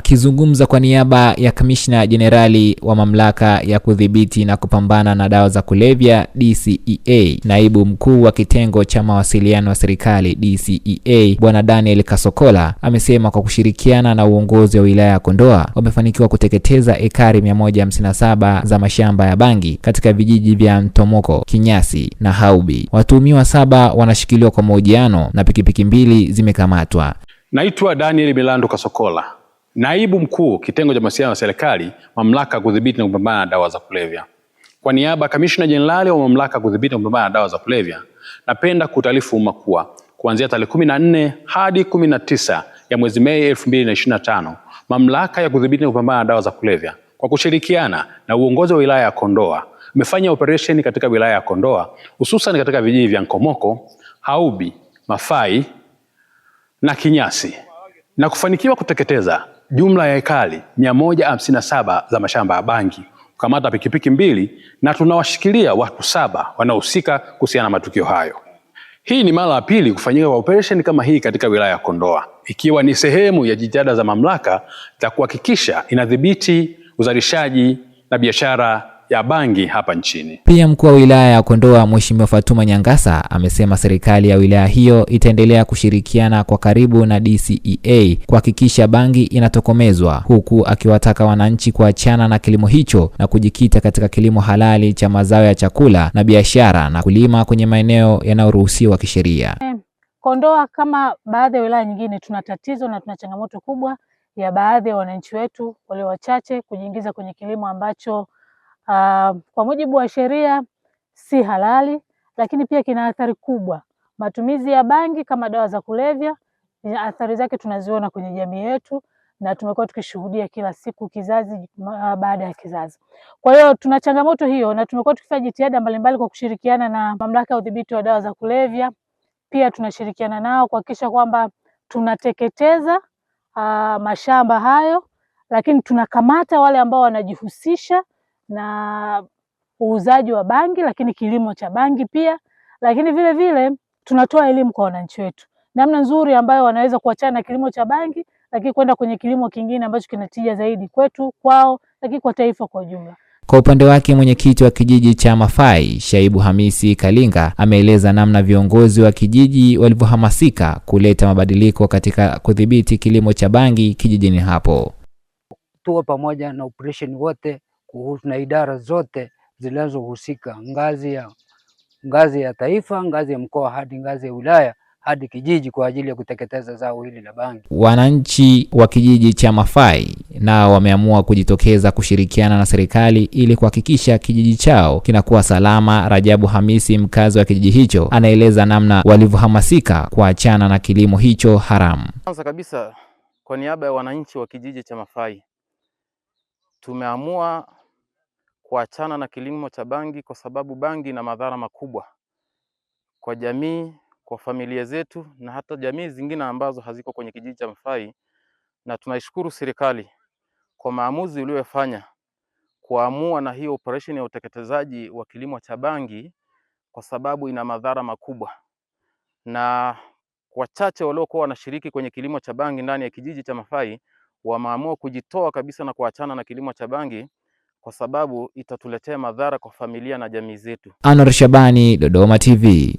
Akizungumza kwa niaba ya kamishna jenerali wa mamlaka ya kudhibiti na kupambana na dawa za kulevya DCEA, naibu mkuu wa kitengo cha mawasiliano ya serikali DCEA Bwana Daniel Kasokola amesema kwa kushirikiana na uongozi wa wilaya ya Kondoa wamefanikiwa kuteketeza ekari 157 za mashamba ya bangi katika vijiji vya mtomoko Kinyasi na Haubi. Watuhumiwa saba wanashikiliwa kwa mahojiano na pikipiki mbili zimekamatwa. Naitwa Daniel Milando Kasokola Naibu Mkuu kitengo cha mawasiliano ya serikali, mamlaka ya kudhibiti na kupambana na dawa za kulevya. Kwa niaba ya Kamishna Jenerali wa mamlaka ya kudhibiti na kupambana na dawa za kulevya, napenda kutaarifu umma kuwa kuanzia tarehe 14 hadi 19 ya mwezi Mei 2025 mamlaka ya kudhibiti na kupambana na dawa za kulevya kwa kushirikiana na uongozi wa wilaya ya Kondoa imefanya operesheni katika wilaya ya Kondoa hususan katika vijiji vya Nkomoko, Haubi, Mafai na Kinyasi na kufanikiwa kuteketeza jumla ya ekari 157 za mashamba ya bangi, kukamata pikipiki mbili na tunawashikilia watu saba wanaohusika kuhusiana na matukio hayo. Hii ni mara ya pili kufanyika kwa operesheni kama hii katika wilaya ya Kondoa, ikiwa ni sehemu ya jitihada za mamlaka za kuhakikisha inadhibiti uzalishaji na biashara ya bangi hapa nchini. Pia mkuu wa wilaya ya Kondoa Mheshimiwa Fatuma Nyangasa amesema serikali ya wilaya hiyo itaendelea kushirikiana kwa karibu na DCEA kuhakikisha bangi inatokomezwa, huku akiwataka wananchi kuachana na kilimo hicho na kujikita katika kilimo halali cha mazao ya chakula na biashara na kulima kwenye maeneo yanayoruhusiwa kisheria. Kondoa kama baadhi ya wilaya nyingine, tuna tatizo na tuna changamoto kubwa ya baadhi ya wananchi wetu walio wachache kujiingiza kwenye kilimo ambacho Ah, kwa mujibu wa sheria si halali, lakini pia kina athari kubwa. Matumizi ya bangi kama dawa za kulevya, athari zake tunaziona kwenye jamii yetu na tumekuwa tukishuhudia kila siku, kizazi baada ya kizazi. Kwa hiyo tuna changamoto hiyo, na tumekuwa tukifanya jitihada mbalimbali kwa kushirikiana na mamlaka ya udhibiti wa dawa za kulevya. Pia tunashirikiana nao kuhakikisha kwamba tunateketeza uh, mashamba hayo, lakini tunakamata wale ambao wanajihusisha na uuzaji wa bangi, lakini kilimo cha bangi pia, lakini vile vile tunatoa elimu kwa wananchi wetu namna nzuri ambayo wanaweza kuachana na kilimo cha bangi, lakini kwenda kwenye kilimo kingine ambacho kinatija zaidi kwetu, kwao, lakini kwa taifa kwa ujumla. Kwa upande wake mwenyekiti wa kijiji cha Mafai Shaibu Hamisi Kalinga ameeleza namna viongozi wa kijiji walivyohamasika kuleta mabadiliko katika kudhibiti kilimo cha bangi kijijini hapo. Tuko pamoja na operation wote kuhusu na idara zote zinazohusika ngazi ya, ngazi ya taifa, ngazi ya mkoa, hadi ngazi ya wilaya hadi kijiji kwa ajili ya kuteketeza zao hili la bangi. Wananchi wa kijiji cha Mafai nao wameamua kujitokeza kushirikiana na serikali ili kuhakikisha kijiji chao kinakuwa salama. Rajabu Hamisi, mkazi wa kijiji hicho, anaeleza namna walivyohamasika kuachana na kilimo hicho haramu. Kwanza kabisa, kwa niaba ya wananchi wa kijiji cha Mafai tumeamua kuachana na kilimo cha bangi kwa sababu bangi ina madhara makubwa kwa jamii, kwa familia zetu na hata jamii zingine ambazo haziko kwenye kijiji cha Mafai, na tunaishukuru serikali kwa maamuzi uliyofanya kuamua na hiyo operation ya uteketezaji wa kilimo cha bangi kwa sababu ina madhara makubwa, na wachache waliokuwa wanashiriki kwenye kilimo cha bangi ndani ya kijiji cha Mafai wameamua kujitoa kabisa na kuachana na kilimo cha bangi kwa sababu itatuletea madhara kwa familia na jamii zetu. Anwar Shabani, Dodoma TV.